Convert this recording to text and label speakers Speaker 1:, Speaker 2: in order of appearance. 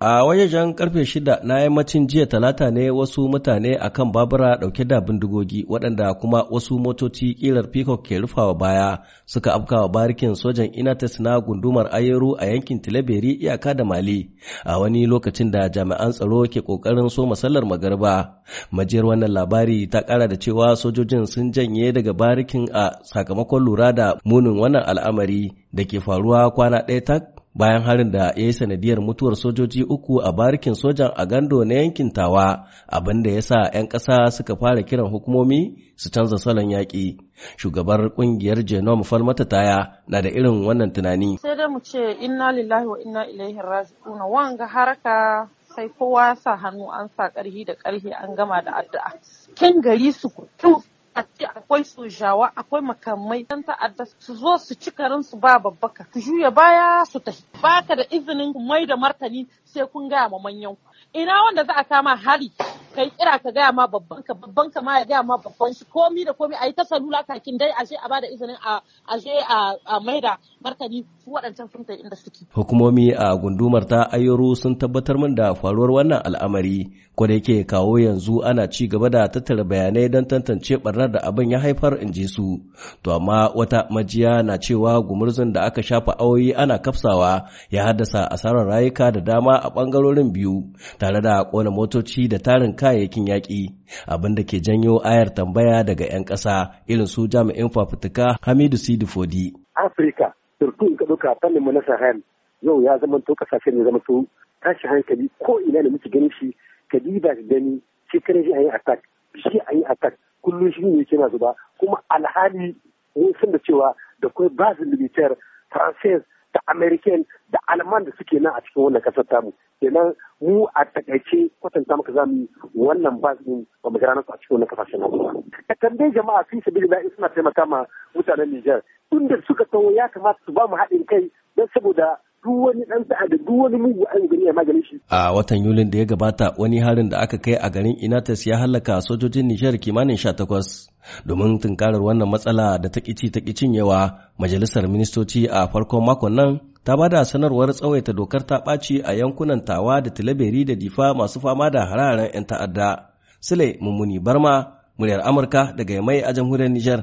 Speaker 1: A wajejen karfe shida na yammacin jiya talata ne wasu mutane a kan babura dauke da bindigogi waɗanda kuma wasu motoci ƙirar Peacock ke rufawa baya suka afkawa barikin sojan Inatis na gundumar Ayeru a yankin tileberi iyaka da Mali a wani lokacin da jami'an tsaro ke ƙoƙarin so masallar magarba. Majiyar wannan labari ta ƙara da cewa sojojin sun janye daga barikin a sakamakon lura da munin wannan al'amari da ke faruwa kwana ɗaya tak bayan harin da ya yi sanadiyar mutuwar sojoji uku a barikin sojan a gando na yankin tawa abin da ya sa 'yan ƙasa suka fara kiran hukumomi su canza salon yaƙi shugabar ƙungiyar genome falmata taya na da irin wannan tunani
Speaker 2: sai dai mu ce inna lillahi wa inna ilaihi raji'un wanga haraka sai kowa ya sa hannu an sa ƙarfi da ƙarfi an gama da addu'a kin gari su a ce akwai sojawa akwai makamai dan ta'adda su zo su ci karin su ba babbaka su juya baya su tafi baka da izinin mai da martani sai kun gaya ma manyan ku ina wanda za a kama hari kai kira ka gaya ma babban ka babban ka ma ya gaya ma babban shi komi da komi ayi ta salula kakin dai a je a bada izinin a je a maida martani su waɗancan sun inda suke
Speaker 1: hukumomi a gundumar ta ayyuru sun tabbatar min da faruwar wannan al'amari ko da yake kawo yanzu ana ci gaba da tattara bayanai don tantance barnar da abin ya haifar in ji su to amma wata majiya na cewa gumurzun da aka shafa awoyi ana kafsawa ya haddasa asarar rayuka da dama a ɓangarorin biyu tare da kona motoci da tarin kayayyakin yaƙi abin da ke janyo ayar tambaya daga 'yan ƙasa irin su jami'in fafutuka Hamidu Sidi Fodi.
Speaker 3: Afirka, turku in ka ɗauka fannin mu na Sahel yau ya zama to ƙasashen ya zama to tashi hankali ko ina da muke ganin shi ka diba ka gani shekaran shi a yi attack shi a yi attack kullum shi ne yake masu kuma alhali mun san da cewa da kuma basu militar francais da american da alman da suke nan a cikin wannan kasar tamu kenan mu a takaice kwatanta maka zamu wannan ba su ba mu garanar a cikin wannan kasashen namu ka tambaye jama'a sun shi bilila suna taimaka ma mutanen nijar tun da suka tawo ya kamata su ba mu haɗin kai don saboda duk wani dan sa'a da duk wani mugu an gari ya magane
Speaker 1: shi a watan yuli da ya gabata wani harin da aka kai a garin Inatas ya halaka sojojin Nijar kimanin sha takwas, domin tunkarar wannan matsala da ta kici ta yawa majalisar ministoci a farkon makon nan ta ba da sanarwar tsawaita dokar ta ɓaci a yankunan tawa da tilaberi da difa masu fama da hararen 'yan ta'adda. Sule Mummuni Barma, muryar Amurka daga mai a jamhuriyar Nijar.